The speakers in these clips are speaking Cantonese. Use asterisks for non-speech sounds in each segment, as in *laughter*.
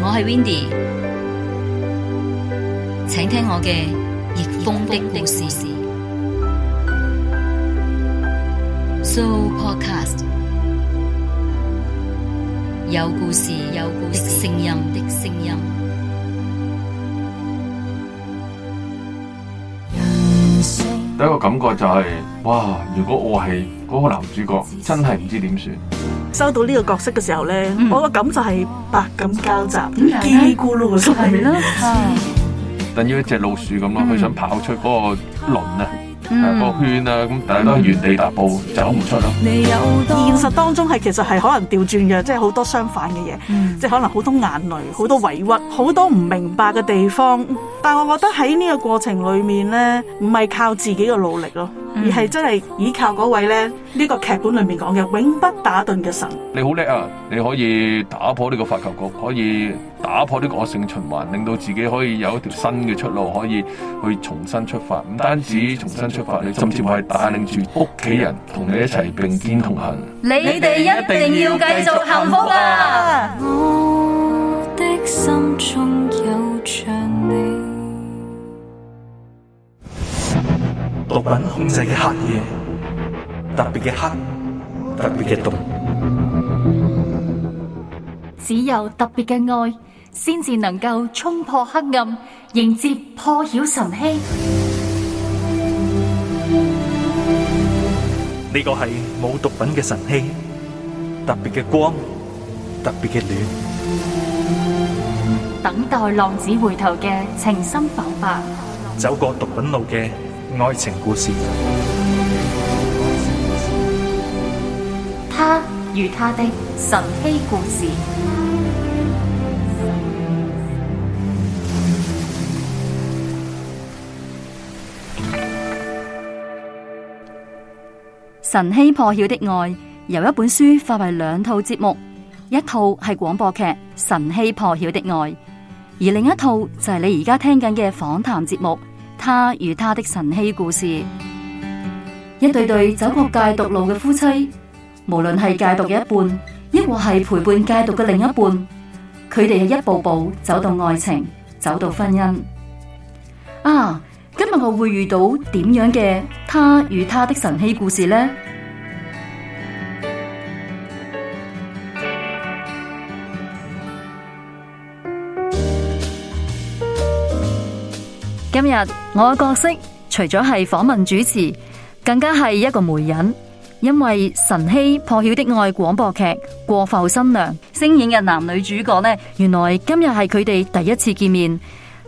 我係 Windy，請聽我嘅逆風的故事，事。So podcast 有故事，有故事聲音的聲音。第一個感覺就係、是，哇！如果我係嗰個男主角真的不，真係唔知點算。收到呢個角色嘅時候咧，嗯、我個感就係百感交集，嘰里、嗯、咕嚕咁喺面，係啦， *laughs* 等於一隻老鼠咁啊，佢、嗯、想跑出嗰個輪啊，嗯、個圈啦，咁但係都係原地踏步，嗯、走唔出咯。你有現實當中係其實係可能調轉嘅，即係好多相反嘅嘢，即係、嗯、可能好多眼淚、好多委屈、好多唔明白嘅地方。但係我覺得喺呢個過程裏面咧，唔係靠自己嘅努力咯。而係真係依靠嗰位咧，呢個劇本裏面講嘅永不打頓嘅神。你好叻啊！你可以打破呢個發球局，可以打破呢個惡性循環，令到自己可以有一條新嘅出路，可以去重新出發。唔單止重新出發，你甚至係帶領住屋企人同你一齊並肩同行。你哋一定要繼續幸福啊！我的心中有着你。毒品控制嘅黑夜，特別嘅黑，特別嘅凍。只有特別嘅愛，先至能夠衝破黑暗，迎接破曉晨曦。呢個係冇毒品嘅晨曦，特別嘅光，特別嘅暖。等待浪子回頭嘅情深剖白，走過毒品路嘅。愛情故事，他與他的神奇故事，神奇破曉的愛由一本書化為兩套節目，一套係廣播劇《神奇破曉的愛》，而另一套就係你而家聽緊嘅訪談節目。他與他的神奇故事，一對對走過戒毒路嘅夫妻，無論係戒毒嘅一半，亦或係陪伴戒毒嘅另一半，佢哋係一步步走到愛情，走到婚姻。啊，今日我會遇到點樣嘅他與他的神奇故事呢？今日我嘅角色除咗係訪問主持，更加係一個媒人，因為晨曦破曉的愛廣播劇《過埠新娘》聲演嘅男女主角呢，原來今日係佢哋第一次見面，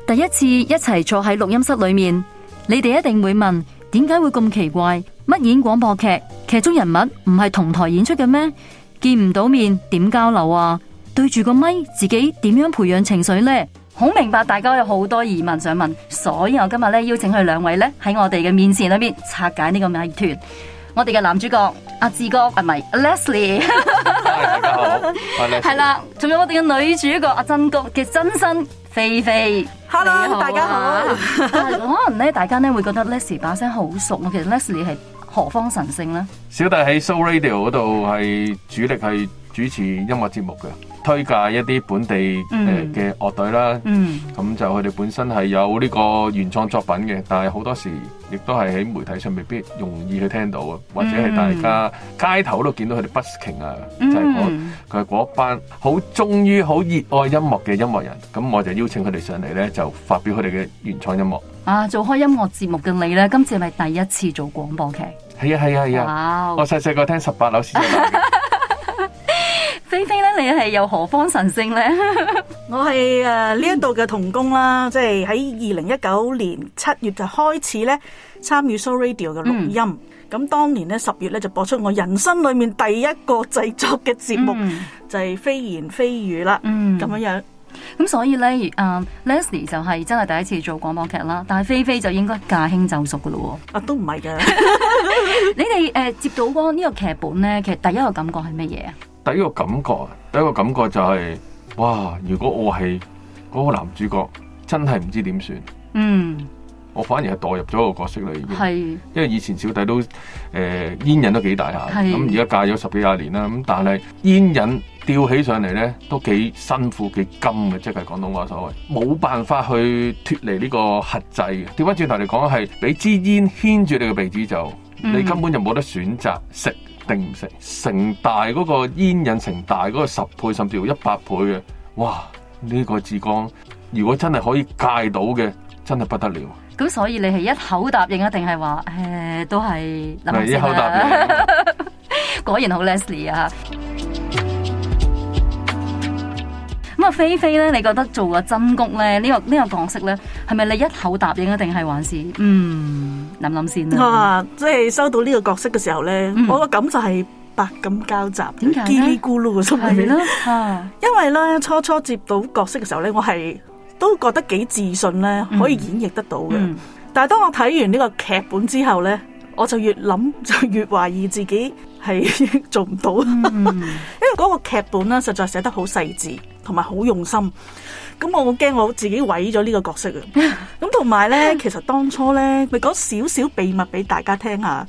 第一次一齊坐喺錄音室裏面。你哋一定會問，點解會咁奇怪？乜演廣播劇，劇中人物唔係同台演出嘅咩？見唔到面點交流啊？對住個咪，咪，自己點樣培養情緒呢？好明白，大家有好多疑問想問，所以我今日咧邀請佢兩位咧喺我哋嘅面前裏邊拆解呢個謎團。我哋嘅男主角阿志、啊、哥，係、啊、咪、啊、Leslie？係 Leslie 啦，仲有我哋嘅女主角阿真菊嘅真身菲菲 Hello，大家好。可能咧，大家咧會覺得 Leslie 把聲好熟，其實 Leslie 係何方神聖咧？小弟喺 So Radio 嗰度係主力係。主持音樂節目嘅推介一啲本地誒嘅、嗯呃、樂隊啦，咁、嗯、就佢哋本身係有呢個原創作品嘅，但係好多時亦都係喺媒體上未必容易去聽到，或者係大家街頭都見到佢哋 busking 啊，嗯、就係嗰佢係班好忠於、好熱愛音樂嘅音樂人，咁我就邀請佢哋上嚟咧，就發表佢哋嘅原創音樂。啊，做開音樂節目嘅你咧，今次係咪第一次做廣播劇？係啊，係啊，係啊！啊 Wow. 我細細個聽十八樓 *laughs* 菲菲咧，你係又何方神聖咧？ *laughs* 我係誒呢一度嘅童工啦，嗯、即係喺二零一九年七月就開始咧參與 show radio 嘅錄音。咁、嗯、當年咧十月咧就播出我人生裏面第一個製作嘅節目，嗯、就係、是《非言非語》啦。嗯，咁樣樣。咁所以咧，阿、呃、Leslie 就係真係第一次做廣播劇啦。但係菲菲就應該駕輕就熟噶咯。哦、啊，都唔係嘅。 *laughs* *laughs* 你哋誒、呃、接到過呢個劇本咧，其實第一個感覺係咩嘢啊？第一個感覺啊，第一個感覺就係、是，哇！如果我係嗰、嗰個男主角真的不，真係唔知點算。嗯。我反而係墮入咗個角色裏邊。係。因為以前小弟都，誒煙癮都幾大下。係。咁而家戒咗十幾廿年啦，咁但係煙癮吊起上嚟咧，都幾辛苦，幾甘嘅，即係廣東話所謂。冇辦法去脱離呢個核制。調翻轉頭嚟講，係俾支煙牽住你個鼻子就，你根本就冇得選擇食。成唔成？成大嗰個煙癮，成大嗰個十倍甚至乎一百倍嘅，哇！呢、這個志光，如果真係可以戒到嘅，真係不得了。咁所以你係一口答應啊？定係話誒，都係諗下先啦。 *laughs* 果然好 lady 啊！咁啊、嗯，菲菲咧，你覺得做啊真灸咧，呢、這個呢、這個角色咧，係咪你一口答應啊？定係還是嗯？諗諗先，啊，即係收到呢個角色嘅時候呢，嗯，我個感就係百感交集。點咕咧？係咯，啊！因為呢，初初接到角色嘅時候呢，我係都覺得幾自信呢，嗯，可以演繹得到嘅。嗯，但係當我睇完呢個劇本之後呢，我就越諗就越懷疑自己係做唔到，嗯、 *laughs* 因為嗰個劇本呢，實在寫得好細緻，同埋好用心。咁我好驚我自己毀咗呢個角色啊！咁同埋咧，其實當初咧，咪講少少秘密俾大家聽下。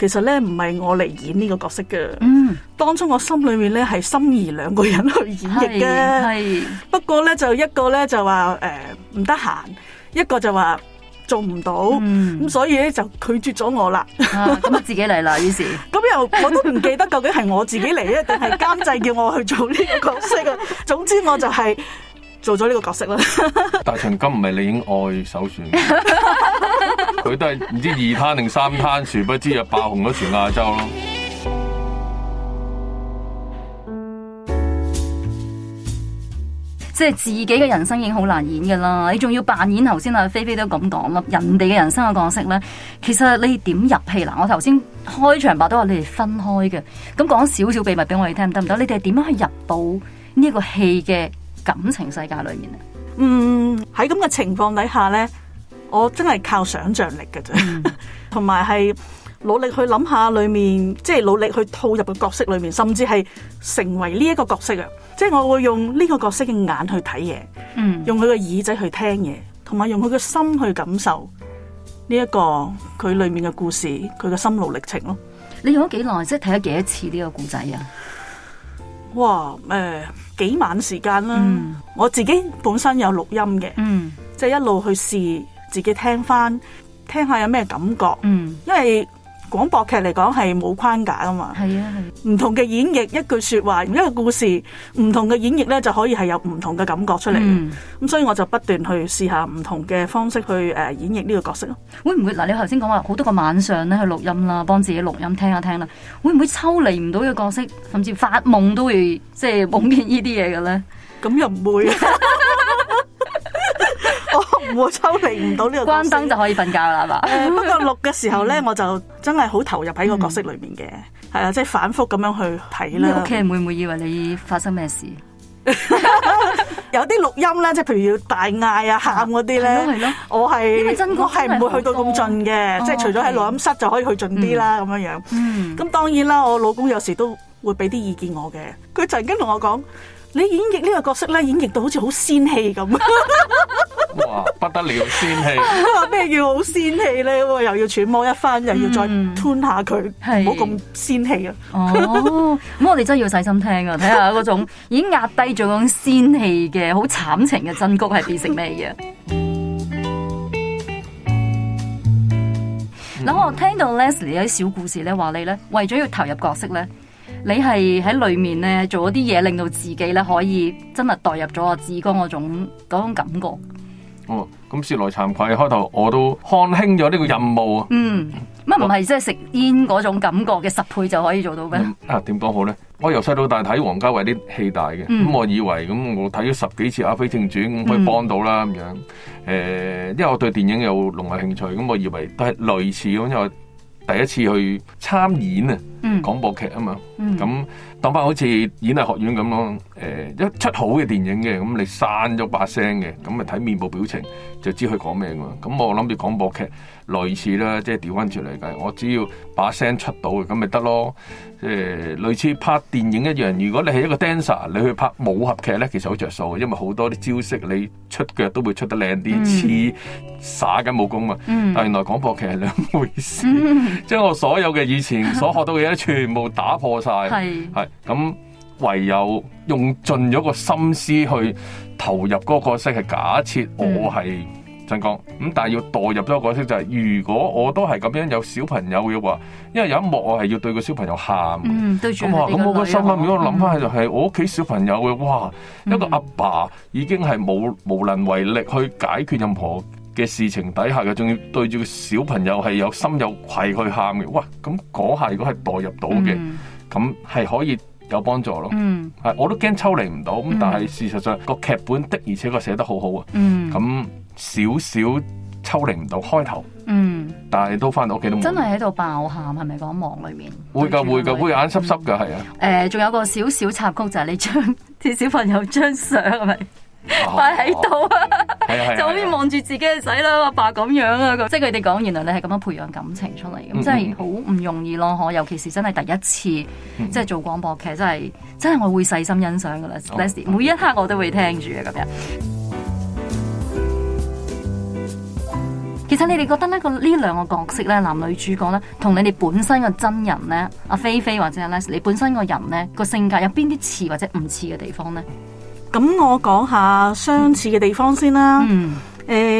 其實咧，唔係我嚟演呢個角色嘅。嗯，當初我心裏面咧係心儀兩個人去演繹嘅。係，不過咧就一個咧就話誒唔得閒，一個就話做唔到。嗯，咁所以咧就拒絕咗我啦。咁啊我自己嚟啦於是。咁又我都唔記得究竟係我自己嚟咧，定係監製叫我去做呢個角色啊？總之我就係、是。做咗呢個角色啦，但係陳金唔係你影愛首選。 *laughs* 他是，佢都係唔知二攤定三攤，殊不知又爆紅咗全亞洲咯。 *laughs* 即係自己嘅人生已經好難演噶啦，你仲要扮演頭先阿菲菲都咁講啦，人哋嘅人生嘅角色咧，其實你點入戲嗱？我頭先開場白都話你哋分開嘅，咁講少少秘密俾我哋聽，得唔得？你哋係點樣去入到呢個戲嘅？感情世界裏面啊，嗯，喺咁嘅情況底下呢，我真係靠想象力嘅啫，同埋係努力去諗下裏面，即係努力去套入個角色裏面，甚至係成為呢一個角色啊！即係我會用呢個角色嘅眼去睇嘢，嗯，用佢嘅耳仔去聽嘢，同埋用佢嘅心去感受呢一個佢裏面嘅故事，佢嘅心路歷程咯。你用咗幾耐？即係睇咗幾多次呢個故仔啊？哇！誒、呃、幾晚時間啦，嗯、我自己本身有錄音嘅，即係、嗯、一路去試自己聽翻，聽下有咩感覺，嗯、因為。廣播劇嚟講，係冇框架啊嘛，是啊嘛？係啊係，唔同嘅演繹，一句說話，一個故事，唔同嘅演繹咧，就可以係有唔同嘅感覺出嚟。咁所以我就不斷去試下唔同嘅方式去誒演繹呢個角色咯。會唔會嗱？你頭先講話好多個晚上咧去錄音啦，幫自己錄音聽一聽啦。會唔會抽離唔到嘅角色，甚至發夢都會即係夢見呢啲嘢嘅咧？咁又唔會。 *laughs* 會抽離唔到呢個，關燈就可以瞓覺啦，係嘛？不過錄嘅時候咧，我就真係好投入喺個角色裏面嘅，係啦，即係反覆咁樣去睇啦。你屋企人會唔會以為你發生咩事？有啲錄音咧，即係譬如要大嗌啊、喊嗰啲咧，係咯。我係因為真，我係唔會去到咁盡嘅，即係除咗喺錄音室就可以去盡啲啦，咁樣樣。咁當然啦，我老公有時都會俾啲意見我嘅，佢曾經同我講。你演繹呢個角色咧，演繹到好似好仙氣咁。哇！不得了，仙氣。咩叫好仙氣咧？又要揣摩一番，嗯、又要再 tune 下佢，唔好咁仙氣啊。哦。咁我哋真係要細心聽啊，睇下嗰種已經壓低咗嗰種仙氣嘅好慘情嘅真曲係變成咩嘢。嗱、嗯，我聽到 Leslie 有啲小故事咧，話你咧為咗要投入角色咧。你係喺裏面咧做嗰啲嘢，令到自己咧可以真係代入咗阿志剛嗰種嗰種感覺。哦，咁說來慚愧，開頭我都看輕咗呢個任務。嗯，乜唔係即係食煙嗰種感覺嘅十倍就可以做到咩，嗯？啊，點講好咧？我由細到大睇王家衛啲戲大嘅，咁、嗯嗯嗯、我以為咁、嗯、我睇咗十幾次《阿飛正傳》，咁、嗯嗯、可以幫到啦咁樣。誒、呃，因為我對電影有濃厚興趣，咁、嗯、我以為都係類似咁，因為。第一次去參演啊，廣播劇啊嘛，咁、嗯、當返好似演藝學院咁咯，誒、欸、一出好嘅電影嘅，咁你刪咗把聲嘅，咁咪睇面部表情就知佢講咩噶嘛，咁我諗住廣播劇。類似啦，即係調翻轉嚟計，我只要把聲出到，咁咪得咯。誒、呃，類似拍電影一樣，如果你係一個 dancer，你去拍武俠劇咧，其實好着數，因為好多啲招式你出腳都會出得靚啲，似、嗯、耍緊武功嘛。嗯、但原來廣播劇係兩回事，即係、嗯、我所有嘅以前所學到嘅嘢 *laughs* 全部打破晒，係咁是唯有用盡咗個心思去投入嗰個角色，係假設我係、嗯。真講咁，但係要代入咗個角色就係，如果我都係咁樣有小朋友嘅話，因為有一幕我係要對個小朋友喊，咁、嗯、我個心諗，嗯、如果我諗翻起就係，我屋企小朋友嘅，哇，嗯、一個阿爸，爸已經係冇無，無能為力去解決任何嘅事情底下嘅，仲要對住個小朋友係有心有愧去喊嘅，哇，咁嗰下如果係代入到嘅，咁係、嗯、可以有幫助咯。係、嗯、我都驚抽離唔到，咁但係事實上、嗯、個劇本的而且確寫得好好啊，咁、嗯。嗯少少抽離唔到開頭，嗯，但係都翻到屋企都真係喺度爆喊，係咪講忙裏面？會噶會噶，會眼濕濕噶係啊！誒，仲有個少少插曲就係你將啲小朋友張相係咪擺喺度啊？就好似望住自己嘅仔啦，阿爸咁樣啊！即係佢哋講，原來你係咁樣培養感情出嚟，咁真係好唔容易咯，嗬！尤其是真係第一次即係做廣播劇，真係真係我會細心欣賞噶啦，Letty，每一刻我都會聽住嘅咁樣。其實你哋覺得咧個呢這兩個角色咧男女主角咧，同你哋本身嘅真人咧，阿菲菲或者阿 Leslie 本身嘅人咧個性格有邊啲似或者唔似嘅地方咧？咁我講下相似嘅地方先啦。嗯，誒、嗯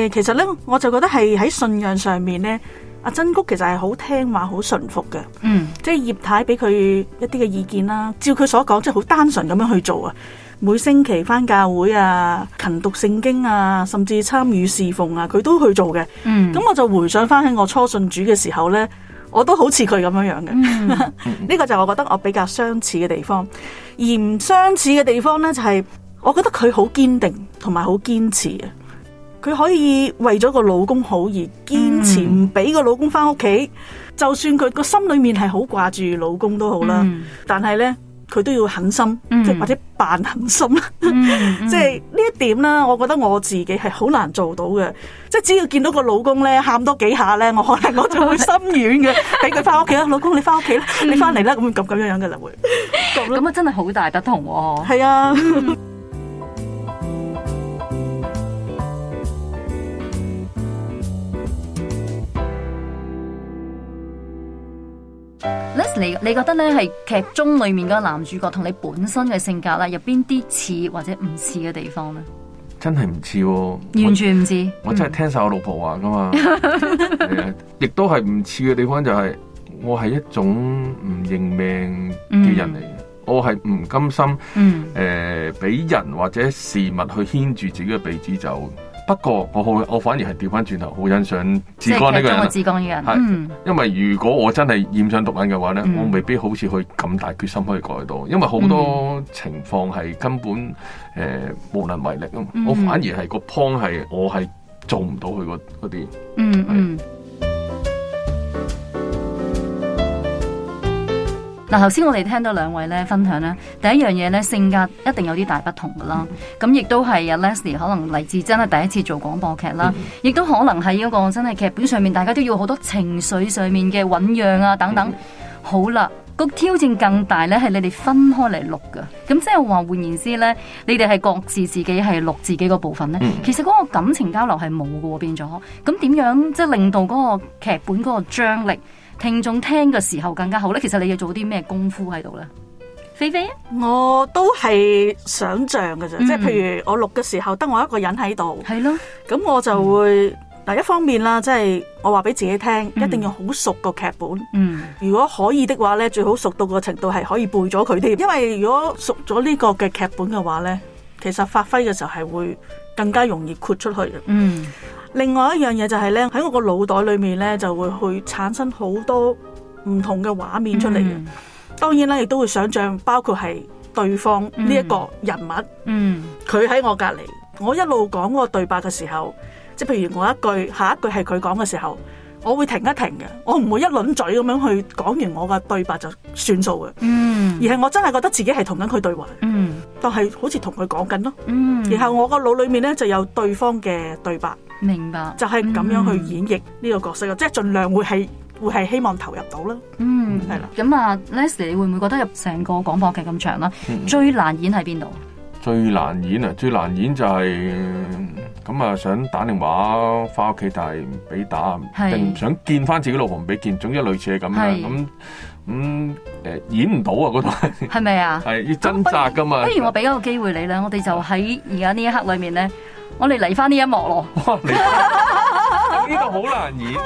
呃，其實咧我就覺得係喺信仰上面咧，阿曾谷其實係好聽話、好順服嘅。嗯，即係葉太俾佢一啲嘅意見啦，照佢所講，即係好單純咁樣去做啊。每星期翻教會啊，勤讀聖經啊，甚至參與侍奉啊，佢都去做嘅。咁、嗯、我就回想翻喺我初信主嘅時候呢，我都好似佢咁樣樣嘅。呢、嗯、 *laughs* 個就我覺得我比較相似嘅地方，而唔相似嘅地方呢，就係、是、我覺得佢好堅定同埋好堅持嘅。佢可以為咗個老公好而堅持唔俾個老公翻屋企，嗯、就算佢個心裏面係好掛住老公都好啦。嗯、但係呢。佢都要狠心，即係、嗯、或者扮狠心。即係呢一點啦，我覺得我自己係好難做到嘅。即係只要見到個老公咧，喊多幾下咧，我可能我就會心軟嘅，俾佢翻屋企啦。 *laughs* 老公你翻屋企啦，你翻嚟啦，咁咁咁樣樣嘅啦會。咁啊 *laughs* 真係好大不同喎。係啊。 *laughs* Let's 嚟，Leslie, 你覺得咧係劇中裏面個男主角同你本身嘅性格咧，有邊啲似或者唔似嘅地方咧？真係唔似，完全唔似。嗯、我真係聽晒我老婆話噶嘛，亦、 *laughs* 呃、都係唔似嘅地方就係、是、我係一種唔認命嘅人嚟嘅，我係唔甘心，嗯、呃，誒，俾人或者事物去牽住自己嘅鼻子走。不過，我好，我反而係調翻轉頭，好欣賞志剛呢個人。即係志剛呢人。嗯，因為如果我真係染上毒癮嘅話咧，我未必好似佢咁大決心可以改到，因為好多情況係根本誒、呃、無能為力啊。我反而係個 point 係我係做唔到佢嗰啲。嗯嗯。嗱，頭先、啊、我哋聽到兩位咧分享咧，第一樣嘢咧，性格一定有啲大不同噶啦，咁亦、mm hmm. 都係啊，Leslie 可能嚟自真係第一次做廣播劇啦，亦、mm hmm. 都可能喺嗰個真係劇本上面，大家都要好多情緒上面嘅醞釀啊等等。Mm hmm. 好啦，個挑戰更大咧，係你哋分開嚟錄噶，咁即係話換言之咧，你哋係各自自己係錄自己個部分咧。Mm hmm. 其實嗰個感情交流係冇嘅喎，變咗。咁點樣即係、就是、令到嗰個劇本嗰個張力？聽眾聽嘅時候更加好咧，其實你要做啲咩功夫喺度呢？菲菲、啊，我都係想象嘅啫，嗯、即係譬如我錄嘅時候，得我一個人喺度，係咯，咁我就會嗱、嗯、一方面啦，即係我話俾自己聽，一定要好熟個劇本，嗯，如果可以的話呢，最好熟到個程度係可以背咗佢啲，因為如果熟咗呢個嘅劇本嘅話呢，其實發揮嘅時候係會更加容易豁出去，嗯。另外一樣嘢就係咧，喺我個腦袋裏面咧，就會去產生好多唔同嘅畫面出嚟嘅。嗯、當然啦，亦都會想像，包括係對方呢一個人物，佢喺、嗯、我隔離。我一路講嗰個對白嘅時候，即譬如我一句，下一句係佢講嘅時候，我會停一停嘅，我唔會一輪嘴咁樣去講完我嘅對白就算數嘅。嗯，而係我真係覺得自己係同緊佢對話，嗯，但係好似同佢講緊咯，嗯、然後我個腦裏面咧就有對方嘅對白。明白，就係咁樣去演繹呢個角色咯，嗯、即係盡量會係會係希望投入到啦。嗯，係啦的。咁啊、嗯、Leslie，你會唔會覺得入成個廣播劇咁長啦？嗯、最難演喺邊度？最難演啊！最難演就係咁啊！想打電話翻屋企，但係唔俾打，定唔是想見翻自己老婆唔俾見，總之類似係咁樣咁。是咁誒、嗯、演唔到啊，嗰度係咪啊？係要掙扎噶嘛不？不如我俾一個機會你啦，我哋就喺而家呢一刻裏面咧，我哋嚟翻呢一幕咯。哇！呢度好難演。 *laughs*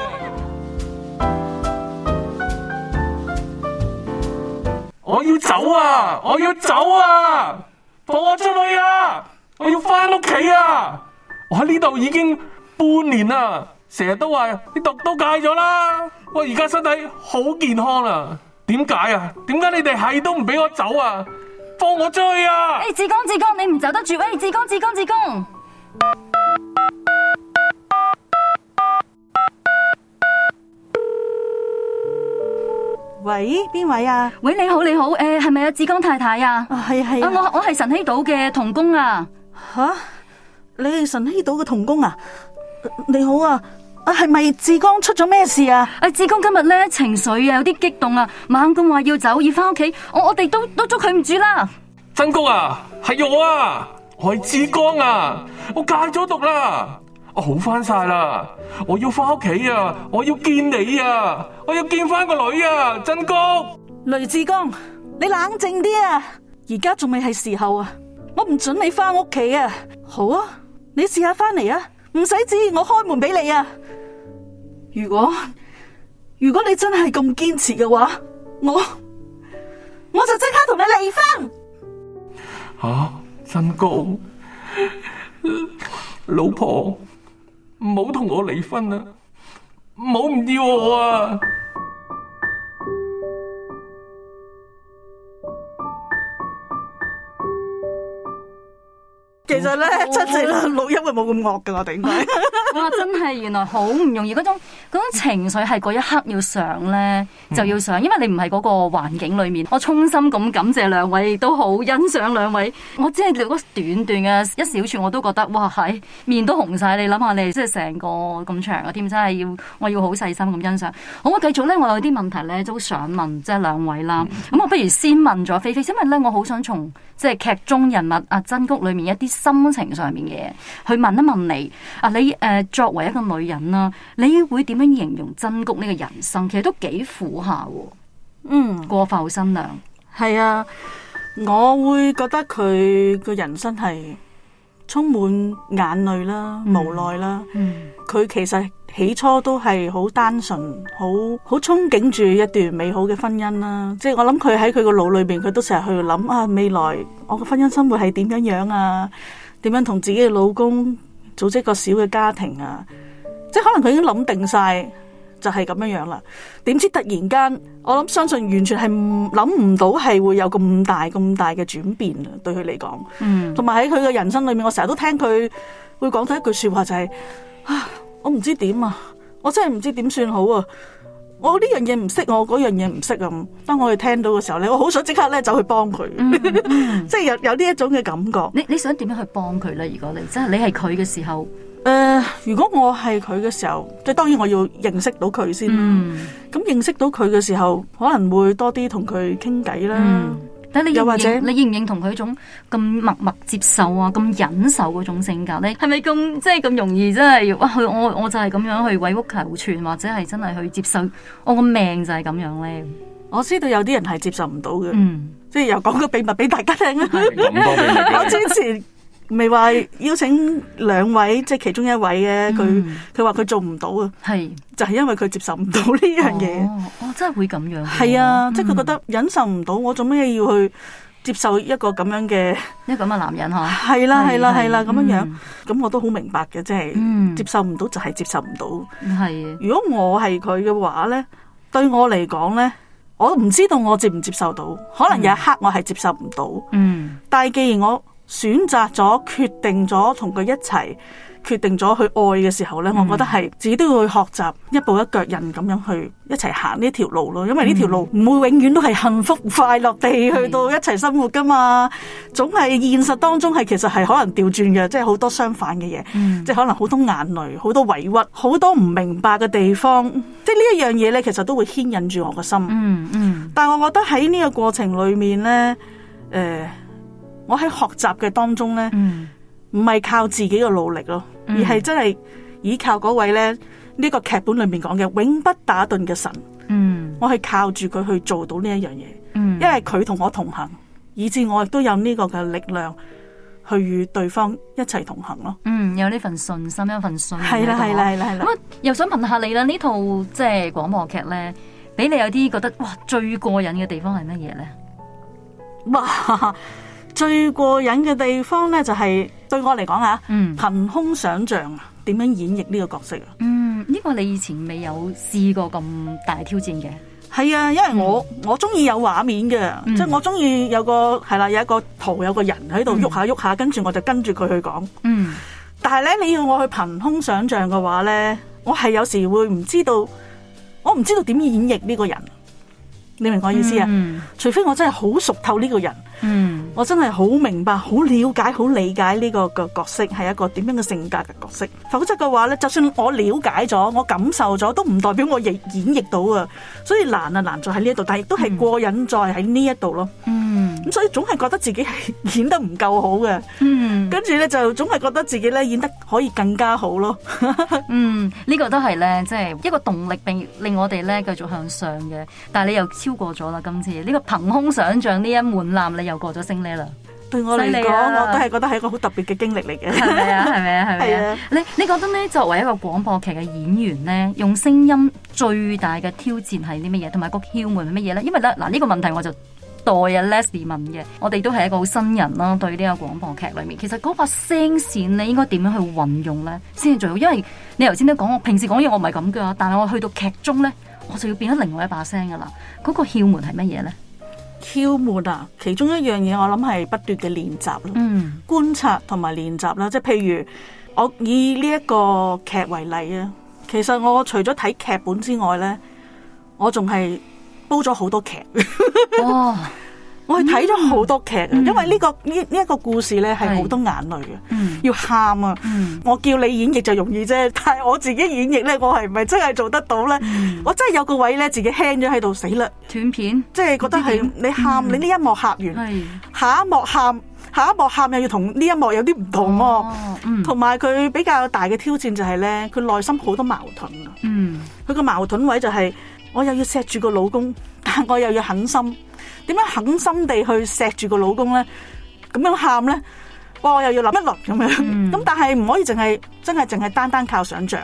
我要走啊！我要走啊！放我出去啊！我要翻屋企啊！我喺呢度已經半年啦，成日都話啲毒都戒咗啦，我而家身體好健康啦、啊。點解啊？點解你哋係都唔俾我走啊？放我追啊！誒、哎，志剛，志剛，你唔走得住，哎、喂？志剛，志剛，志剛。喂，邊位啊？喂，你好，你好，誒、呃，係咪阿志剛太太啊？哦，是是啊，係係。啊，我我係神禧島嘅童工啊。吓、啊？你係神禧島嘅童工啊？你好啊。係咪志剛出咗咩事啊？誒，志剛今日咧情緒啊有啲激動啊，猛咁話要走，要翻屋企，我我哋都都捉佢唔住啦。珍菊啊，係我啊，我係志剛啊，我戒咗毒啦，我好翻晒啦，我要翻屋企啊，我要見你啊，我要見翻個女啊，珍菊。雷志剛，你冷靜啲啊，而家仲未係時候啊，我唔准你翻屋企啊。好啊，你試下翻嚟啊。唔使旨意我開門俾你啊！如果如果你真係咁堅持嘅話，我我就即刻同你離婚。吓、啊，真高！老婆唔好同我離婚啊！唔好唔要我啊！其實咧，七字啦，錄音係冇咁惡噶，我點解？哇，真係原來好唔容易，嗰種嗰種情緒係嗰一刻要上咧，就要上，嗯、因為你唔係嗰個環境裏面。我衷心咁感謝兩位，都好欣賞兩位。我只係短短嘅一小處，我都覺得哇，係面都紅晒。你諗下，你即係成個咁長啊，添真係要我要好細心咁欣賞。好，繼續咧，我有啲問題咧都想問即係兩位啦。咁我不如先問咗菲菲，因為咧我好想從。即係劇中人物啊，真谷裏面一啲心情上面嘅嘢，去問一問你啊，你誒、呃、作為一個女人啦，你會點樣形容真谷呢個人生？其實都幾苦下，嗯，過好身涼，係啊，我會覺得佢嘅人生係充滿眼淚啦、嗯、無奈啦，嗯，佢其實起初都係好單純，好好憧憬住一段美好嘅婚姻啦、啊。即係我諗佢喺佢個腦裏邊，佢都成日去諗啊未來我嘅婚姻生活係點樣樣啊？點樣同自己嘅老公組織個小嘅家庭啊？即係可能佢已經諗定晒，就係、是、咁樣樣啦。點知突然間，我諗相信完全係諗唔到係會有咁大咁大嘅轉變啊！對佢嚟講，嗯，同埋喺佢嘅人生裏面，我成日都聽佢會講到一句説話、就是，就係啊。我唔知點啊！我真係唔知點算好啊！我呢樣嘢唔識，我嗰樣嘢唔識咁。當我哋聽到嘅時候咧，我好想、嗯嗯、 *laughs* 即刻咧走去幫佢，即係有有呢一種嘅感覺。你你想點樣去幫佢咧？如果你真係你係佢嘅時候，誒、呃，如果我係佢嘅時候，即係當然我要認識到佢先啦。咁、嗯、認識到佢嘅時候，可能會多啲同佢傾偈啦。嗯但你又或者你認唔認同佢一種咁默默接受啊，咁忍受嗰種性格咧？係咪咁即係咁容易？真係哇！佢我我就係咁樣去委曲求全，或者係真係去接受我個命就係咁樣咧？我知道有啲人係接受唔到嘅，嗯，即係又講個秘密俾大家聽。嗯、 *laughs* 我之前。未話邀請兩位，即係其中一位嘅，佢佢話佢做唔到啊，係就係因為佢接受唔到呢樣嘢，哦，真係會咁樣，係啊，即係佢覺得忍受唔到，我做咩要去接受一個咁樣嘅一個咁嘅男人吓，係啦係啦係啦咁樣樣，咁我都好明白嘅，即係接受唔到就係接受唔到，係。如果我係佢嘅話咧，對我嚟講咧，我唔知道我接唔接受到，可能有一刻我係接受唔到，嗯，但係既然我。選擇咗、決定咗同佢一齊、決定咗去愛嘅時候呢，嗯、我覺得係自己都要去學習，一步一腳印咁樣去一齊行呢條路咯。因為呢條路唔會永遠都係幸福快樂地去到一齊生活噶嘛，嗯、總係現實當中係其實係可能調轉嘅，即係好多相反嘅嘢，嗯、即係可能好多眼淚、好多委屈、好多唔明白嘅地方。即係呢一樣嘢呢，其實都會牽引住我嘅心。嗯嗯，嗯但係我覺得喺呢個過程裏面呢。誒、呃。我喺學習嘅當中呢，唔係、嗯、靠自己嘅努力咯，嗯、而係真係依靠嗰位咧呢、呢個劇本裏面講嘅永不打頓嘅神。嗯，我係靠住佢去做到呢一樣嘢。因為佢同我同行，以至我亦都有呢個嘅力量去與對方一齊同行咯。嗯，有呢份信心，一份信心。係啦，係啦，係啦。咁啊，又想問下你啦，呢套即係廣播劇呢，俾你有啲覺得哇，最過癮嘅地方係乜嘢呢？哇！哈哈最過癮嘅地方呢，就係對我嚟講啊，嗯，憑空想象啊，點樣演繹呢個角色啊？嗯，呢、呢個你以前未有試過咁大挑戰嘅。係啊，因為我、嗯、我中意有畫面嘅，即係、嗯、我中意有個係啦、啊，有一個圖有個人喺度喐下喐下，嗯、跟住，我就跟住佢去講。嗯，但係呢，你要我去憑空想象嘅話呢，我係有時會唔知道，我唔知道點演繹呢個人。你明我意思啊？嗯，除非我真係好熟透呢個人。嗯。我真係好明白、好了解、好理解呢個嘅角色係一個點樣嘅性格嘅角色，否則嘅話咧，就算我了解咗、我感受咗，都唔代表我亦演繹到啊！所以難啊，難在喺呢一度，但係亦都係過癮在喺呢一度咯。嗯嗯咁、嗯、所以總係覺得自己係演得唔夠好嘅，嗯、跟住咧就總係覺得自己咧演得可以更加好咯。嗯，這個、也是呢個都係咧，即、就、係、是、一個動力，並令我哋咧繼續向上嘅。但係你又超過咗啦，今次呢、這個憑空想象呢一門檻，你又過咗聲咧啦。對我嚟講，啊、我都係覺得係一個好特別嘅經歷嚟嘅。係吧啊，係咪啊？係咪啊？你你覺得呢？作為一個廣播劇嘅演員呢，用聲音最大嘅挑戰係啲乜嘢？同埋個竅門係乜嘢咧？因為咧，嗱呢、這個問題我就。代啊，Leslie 文嘅，我哋都係一個好新人啦。對呢個廣播劇裏面，其實嗰把聲線咧應該點樣去運用咧，先至最好。因為你頭先都講，我平時講嘢我唔係咁噶，但係我去到劇中咧，我就要變咗另外一把聲噶啦。嗰個竅門係乜嘢？咧？竅門啊，其中一樣嘢我諗係不斷嘅練習咯，嗯，觀察同埋練習啦。即係譬如我以呢一個劇為例啊，其實我除咗睇劇本之外咧，我仲係。煲咗好多劇，我係睇咗好多劇，因為呢個呢呢一個故事咧係好多眼淚嘅，要喊啊！我叫你演繹就容易啫，但係我自己演繹咧，我係唔係真係做得到咧？我真係有個位咧，自己輕咗喺度死啦！斷片即係覺得係你喊，你呢一幕喊完，下一幕喊，下一幕喊又要同呢一幕有啲唔同哦。同埋佢比較大嘅挑戰就係咧，佢內心好多矛盾啊。嗯，佢個矛盾位就係。我又要錫住個老公，但係我又要狠心，點樣狠心地去錫住個老公呢？咁樣喊呢？哇！我又要諗一諗咁樣，咁、嗯、但係唔可以淨係，真係淨係單單靠想像。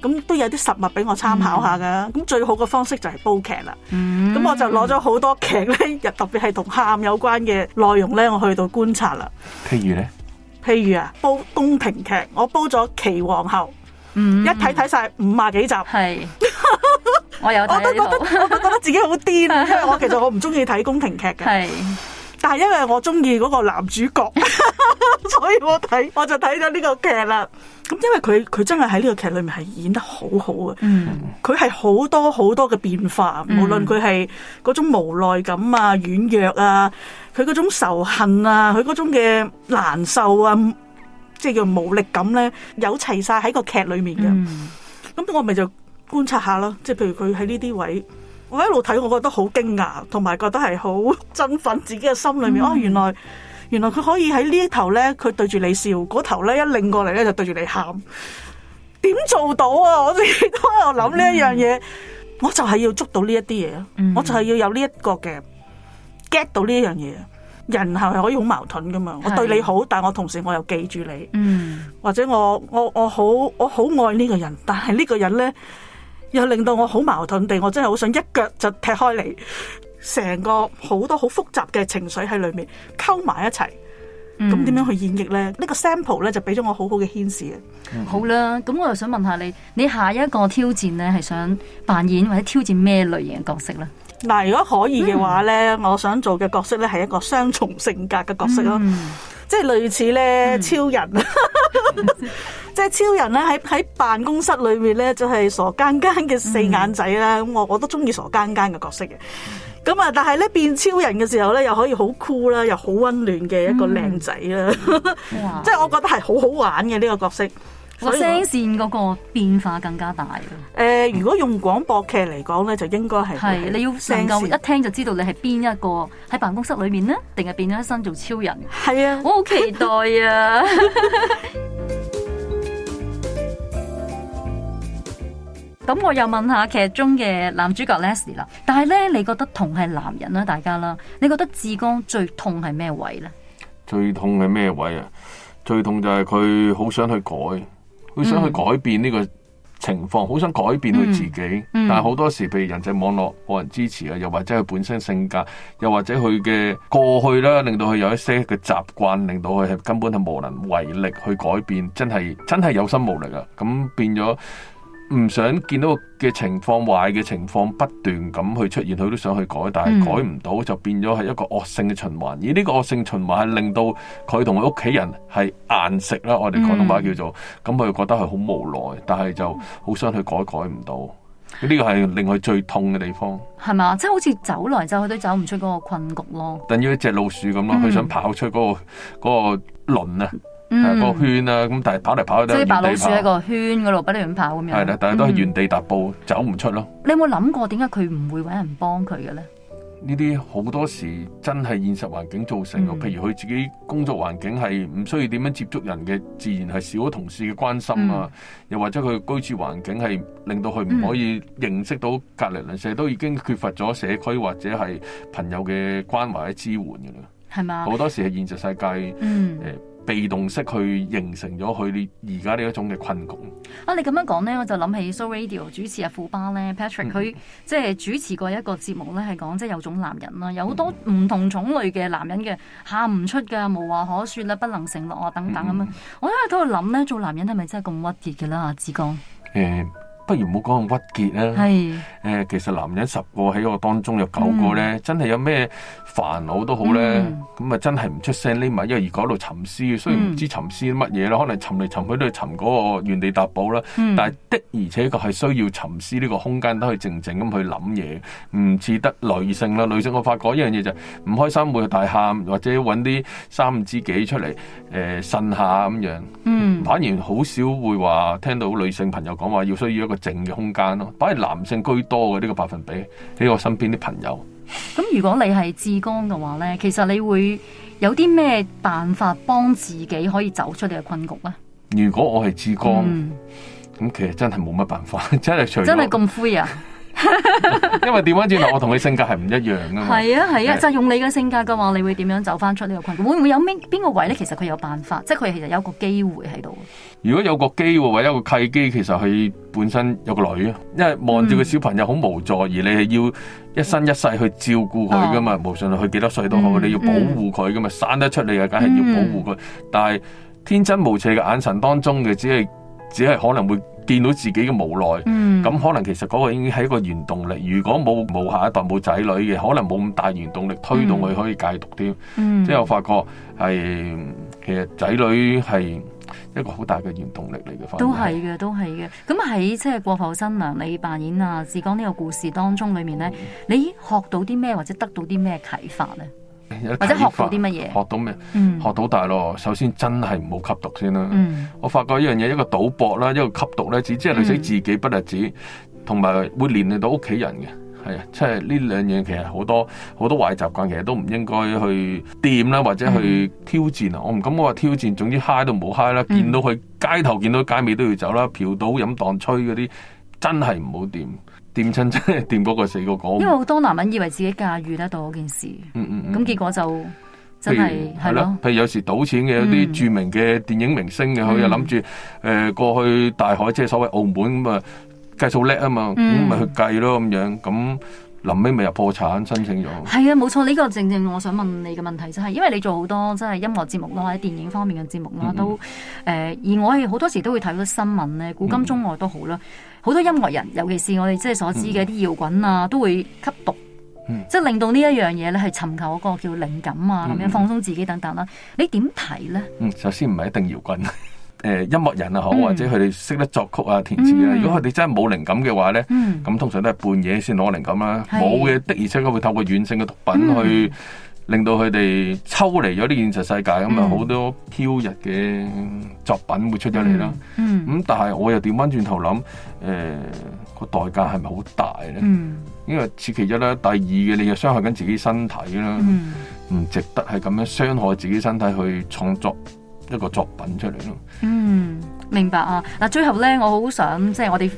咁、嗯、都有啲實物俾我參考一下噶。咁、嗯、最好嘅方式就係煲劇啦。咁、嗯、我就攞咗好多劇呢，又特別係同喊有關嘅內容呢，我去到觀察啦。譬如呢？譬如啊，煲宮廷劇，我煲咗《奇皇后》，嗯、一睇睇晒，五十幾集。係是。 *laughs* 我有我都覺得，得，得我都覺得自己好癲啊！因為我其實我唔中意睇宮廷劇嘅，是的但係因為我中意嗰個男主角， *laughs* *laughs* 所以我睇我就睇咗呢個劇啦。咁因為佢佢真係喺呢個劇裏面係演得好好啊！佢係好多好多嘅變化，嗯、無論佢係嗰種無奈感啊、軟弱啊，佢嗰種仇恨啊、佢嗰種嘅難受啊，即係叫無力感咧，有齊晒喺個劇裏面嘅。咁、嗯、我咪就。觀察下咯，即係譬如佢喺呢啲位，我一路睇，我覺得好驚訝，同埋覺得係好振奮自己嘅心裏面。哦、mm hmm. 啊，原來原來佢可以喺呢頭咧，佢對住你笑，嗰頭咧一擰過嚟咧，就對住你喊，點做到啊？我自己都喺度諗呢一樣嘢，mm hmm. 我就係要捉到呢一啲嘢，mm hmm. 我就係要有呢一個嘅 get 到呢一樣嘢。人係可以好矛盾噶嘛？我對你好，是但係我同時我又記住你，mm hmm. 或者我我我好我好愛呢個人，但係呢個人呢。又令到我好矛盾地，我真係好想一腳就踢開你，成個好多好複雜嘅情緒喺裏面溝埋一齊，咁點、嗯、樣去演繹呢？呢、呢個 sample 咧就俾咗我很好好嘅牽示。嗯、好啦，咁我又想問下你，你下一個挑戰呢，係想扮演或者挑戰咩類型嘅角色呢？嗱，如果可以嘅話咧，嗯、我想做嘅角色咧係一個雙重性格嘅角色咯，嗯、即係類似咧超人，嗯、 *laughs* 即係超人咧喺喺辦公室裏面咧就係傻更更嘅四眼仔啦，咁、嗯、我我都中意傻更更嘅角色嘅，咁啊、嗯、但係咧變超人嘅時候咧又可以好酷啦，又好溫暖嘅一個靚仔啦，即係我覺得係好好玩嘅呢、這個角色。個聲線嗰個變化更加大咯。誒、呃，如果用廣播劇嚟講咧，就應該係係你要成舊一聽就知道你係邊一個喺辦公室裏面呢，定係變咗一身做超人？係是啊，我好期待啊！咁 *laughs* *laughs* 我又問一下劇中嘅男主角 Leslie 啦。但係咧，你覺得同係男人咧、啊？大家啦，你覺得志剛最痛係咩位咧？最痛係咩位啊？最痛就係佢好想去改。好想去改變呢個情況，好想改變佢自己，嗯嗯、但係好多時譬如人際網絡冇人支持啊，又或者佢本身性格，又或者佢嘅過去啦，令到佢有一些嘅習慣，令到佢根本係無能為力去改變，真係真係有心無力啊！咁變咗。唔想見到嘅情況，壞嘅情況不斷咁去出現，佢都想去改，但係改唔到、嗯、就變咗係一個惡性嘅循環。而呢個惡性循環係令到佢同佢屋企人係硬食啦，我哋廣東話叫做咁，佢、嗯、覺得係好無奈，但係就好想去改，改唔到呢個係令佢最痛嘅地方。係嘛？即係好似走來走去都走唔出嗰個困局咯，等於一隻老鼠咁咯，佢、嗯、想跑出嗰、嗰個嗰、嗰個、輪啊。嗯，個圈啦、啊，咁但係跑嚟跑去都是跑是白老鼠喺個圈嗰度，不斷咁跑咁樣。係啦，但係都係原地踏步，嗯、走唔出咯。你有冇諗過點解佢唔會搵人幫佢嘅咧？呢啲好多時真係現實環境造成嘅，嗯、譬如佢自己工作環境係唔需要點樣接觸人嘅，自然係少咗同事嘅關心啊。嗯、又或者佢居住環境係令到佢唔可以認識到隔籬鄰舍，嗯、都已經缺乏咗社區或者係朋友嘅關懷嘅支援嘅啦。係嘛？好多時係現實世界，誒、嗯。呃被動式去形成咗，佢而家呢一種嘅困局啊！你咁樣講咧，我就諗起 So Radio 主持阿、啊、富巴咧，Patrick，佢即係主持過一個節目咧，係講即係有種男人啦，有好多唔同種類嘅男人嘅喊唔出㗎，無話可説啦，不能承諾啊，等等咁、嗯嗯、樣。我因為都喺度諗咧，做男人係咪真係咁屈結嘅啦？阿志剛。誒、嗯。不如冇講咁鬱結啦、啊。是其實男人十個喺我當中有九個咧，嗯、真係有咩煩惱都好咧，咁啊、嗯、真係唔出聲匿埋，因為而家喺度沉思。雖然唔知沉思乜嘢啦，嗯、可能沉嚟沉去都係沉嗰個原地踏步啦。嗯、但係的而且確係需要沉思呢個空間，都可以靜靜咁去諗嘢，唔似得女性啦。女性我發覺一樣嘢，就係唔開心會大喊，或者搵啲三五知己出嚟誒呻下咁樣。嗯，反而好少會話聽到女性朋友講話要需要一個淨嘅空間咯，反而男性居多嘅呢、這個百分比喺我身邊啲朋友。咁如果你係志剛嘅話咧，其實你會有啲咩辦法幫自己可以走出你嘅困局咧？如果我係志剛，咁、嗯、其實真係冇乜辦法，真係除真係咁灰啊！ *laughs* *laughs* 因為調翻轉頭，我同你性格係唔一樣噶嘛係啊。係啊係啊，是就係用你嘅性格嘅話，你會點樣走翻出呢個困境？會唔會有咩邊個位咧？其實佢有辦法，即係佢其實有個機會喺度。如果有個機會或者有一個契機，其實佢本身有個女啊，因為望住個小朋友好無助，而、嗯、你係要一生一世去照顧佢噶嘛，哦、無論佢去幾多歲都好，嗯、你要保護佢噶嘛，生、嗯、得出嚟啊，梗係要保護佢。嗯、但係天真無邪嘅眼神當中嘅，只係只係可能會。見到自己嘅無奈，咁、嗯、可能其實嗰個已經係一個原動力。如果冇冇下一代冇仔女嘅，可能冇咁大原動力推動佢可以戒毒添。嗯嗯、即係我發覺係其實仔女係一個好大嘅原動力嚟嘅。都係嘅，都係嘅。咁喺即係過埠新娘你扮演啊志剛呢個故事當中裏面咧，嗯、你學到啲咩或者得到啲咩啟發咧？或者學過啲乜嘢，學到咩？嗯、學到大咯。首先真係唔好吸毒先啦。嗯、我發覺一樣嘢，一個賭博啦，一個吸毒咧，只只係累死自己不特止，同埋、嗯、會連累到屋企人嘅。係啊，即係呢兩樣其實好多好多壞習慣，其實都唔應該去掂啦，或者去挑戰啊。嗯、我唔敢話挑戰，總之嗨都唔好嗨啦。見到佢，街頭，見到街尾都要走啦。嗯、嫖賭飲蕩吹嗰啲，真係唔好掂。掂親真係掂嗰個四個個，因為好多男人以為自己駕馭得到嗰件事，咁、嗯嗯嗯、結果就真係係咯。譬如，吧譬如有時賭錢嘅有啲著名嘅電影明星嘅，佢、嗯、又諗住誒過去大海，即、就、係、是、所謂澳門咁啊，計數叻啊嘛，咁咪、嗯、去計咯咁樣，咁臨尾咪又破產，申請咗。係啊，冇錯，呢、這個正正我想問你嘅問題就係、是，因為你做好多即係音樂節目啦，或者電影方面嘅節目啦，嗯嗯都誒、呃，而我亦好多時都會睇到新聞咧，古今中外都好啦。嗯好多音樂人，尤其是我哋即係所知嘅啲搖滾啊，嗯、都會吸毒，嗯、即係令到呢一樣嘢咧係尋求嗰個叫靈感啊，咁、嗯、樣放鬆自己等等啦。你點睇咧？嗯，首先唔係一定搖滾，誒， *laughs* 音樂人啊好，嗯、或者佢哋識得作曲啊、填詞啊。嗯、如果佢哋真係冇靈感嘅話咧，咁、嗯、通常都係半夜先攞靈感啦。冇嘅、嗯、的而且確會透過軟性嘅毒品去。令到佢哋抽離咗啲現實世界，咁咪好多飄逸嘅作品會出咗嚟啦。咁、嗯嗯、但係我又調翻轉頭諗，誒、呃、個代價係咪好大咧？嗯、因為此其一啦，第二嘅你又傷害緊自己身體啦，唔、嗯、值得係咁樣傷害自己身體去創作一個作品出嚟咯。嗯，明白啊。嗱，最後咧，我好想即係、就是、我哋。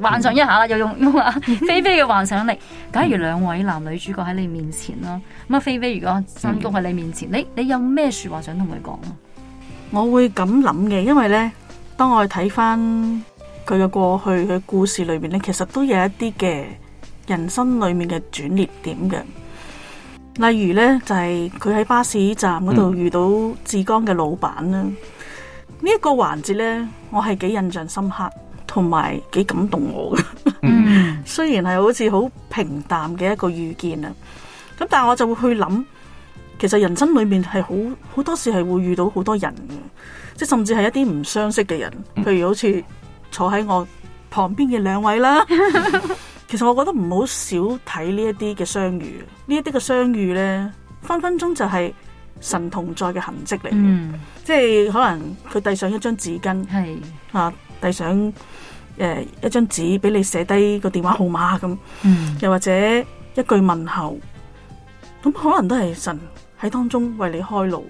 幻想一下，又用啊菲菲嘅幻想力。假如兩位男女主角喺你面前啦，咁啊菲菲如果真公喺你面前，嗯、飛飛你前、嗯、你，你有咩說話想同佢講啊？我會咁諗嘅，因為咧，當我睇翻佢嘅過去嘅故事裏面咧，其實都有一啲嘅人生裏面嘅轉捩點嘅。例如咧，就係佢喺巴士站嗰度遇到志剛嘅老闆啦。嗯、這環節呢一個環節咧，我係幾印象深刻的。同埋幾感動我嘅， *laughs* 雖然係好似好平淡嘅一個遇見啦，咁但係我就會去諗，其實人生裏面係好好多時係會遇到好多人即甚至係一啲唔相識嘅人，譬如好似坐喺我旁邊嘅兩位啦， *laughs* 其實我覺得唔好少睇呢一啲嘅相遇，呢一啲嘅相遇呢，分分鐘就係神同在嘅痕跡嚟，嗯， *laughs* 即係可能佢遞上一張紙巾，係 *laughs* 啊。遞上誒、呃、一張紙俾你寫低個電話號碼咁，嗯、又或者一句問候，咁可能都係神喺當中為你開路。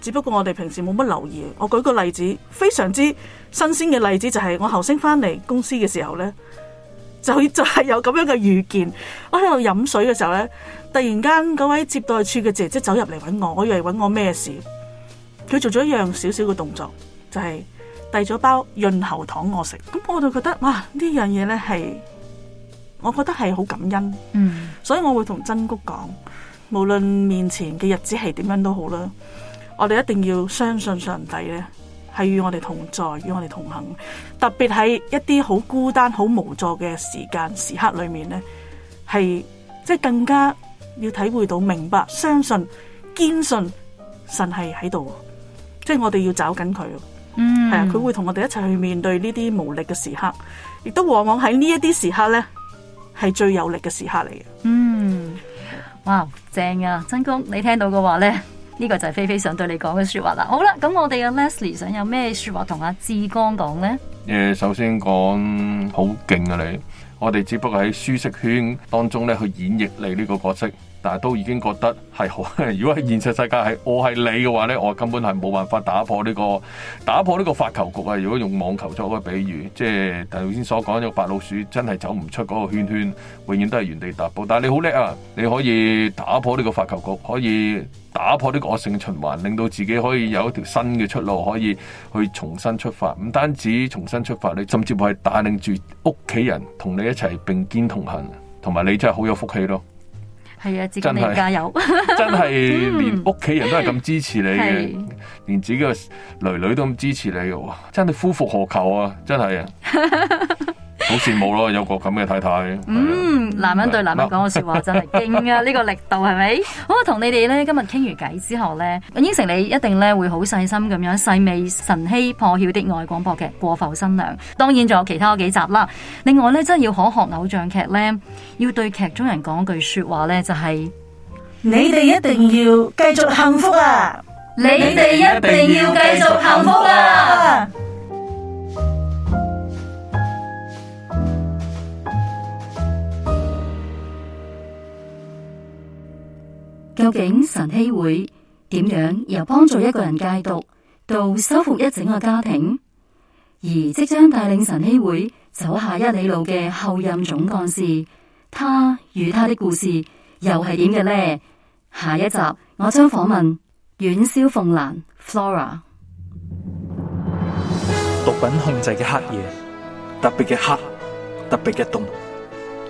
只不過我哋平時冇乜留意。我舉個例子，非常之新鮮嘅例子就係、是、我頭先翻嚟公司嘅時候呢，就就係、是、有咁樣嘅遇見。我喺度飲水嘅時候呢，突然間嗰位接待處嘅姐姐走入嚟揾我，我以為揾我咩事？佢做咗一樣小小嘅動作，就係、是。遞咗包潤喉糖我食，咁我就覺得哇，呢樣嘢呢，係，我覺得係好感恩，嗯，所以我會同曾谷講，無論面前嘅日子係點樣都好啦，我哋一定要相信上帝呢係與我哋同在，與我哋同行，特別喺一啲好孤單、好無助嘅時間時刻裏面呢係即係更加要體會到、明白、相信、堅信神係喺度，即係我哋要找緊佢。嗯，係啊，佢會同我哋一齊去面對呢啲無力嘅時刻，亦都往往喺呢一啲時刻咧係最有力嘅時刻嚟嘅。嗯，哇，正啊，真公，你聽到嘅話咧，呢、這個就係菲菲想對你講嘅說話啦。好啦，咁我哋嘅 Leslie 想有咩說話同阿志剛講咧？誒，首先講好勁啊！你，我哋只不過喺舒適圈當中咧去演繹你呢個角色。但都已經覺得係好。如果喺現實世界係我係你嘅話呢，我根本係冇辦法打破呢個打破呢個發球局啊！如果用網球作個比喻，即係頭先所講，有白老鼠真係走唔出嗰個圈圈，永遠都係原地踏步。但你好叻啊！你可以打破呢個發球局，可以打破呢個惡性循環，令到自己可以有一條新嘅出路，可以去重新出發。唔單止重新出發，你甚至乎係帶領住屋企人同你一齊並肩同行，同埋你真係好有福氣咯！係啊，自己加油。 *laughs* 真係連屋企人都係咁支持你嘅，嗯、連自己個女女都咁支持你嘅，真係夫復何求啊！真係啊。 *laughs* 好羨慕咯，有個咁嘅太太。嗯，啊、男人對男人講嘅說話真係勁啊！呢 *laughs* 個力度係咪？好啊，同你哋咧今日傾完偈之後咧，應承你一定咧會好細心咁樣細味晨曦破曉的愛廣播劇《過浮新娘》，當然仲有其他幾集啦。另外咧，真係要可學偶像劇咧，要對劇中人講句說話咧，就係、是、你哋一定要繼續幸福啊！你哋一定要繼續幸福啊！究竟晨曦會點樣由幫助一個人戒毒到修復一整個家庭？而即將帶領晨曦會走下一里路嘅後任總幹事，他與他的故事又係點嘅呢？下一集我將訪問阮肖鳳蘭 Flora。Fl 毒品控制嘅黑夜，特別嘅黑，特別嘅凍。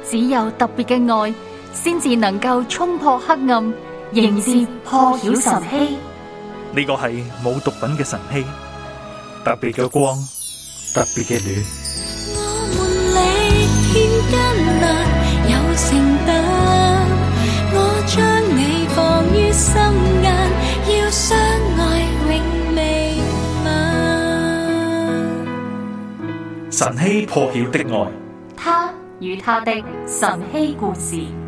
只有特別嘅愛，先至能夠衝破黑暗。迎接破曉晨曦，呢個係冇毒品嘅晨曦，特別嘅光，特別嘅暖。我們力獻恩難有聖燈，我將你放於心間，要相愛永未泯。晨曦破曉的愛，他與他的晨曦故事。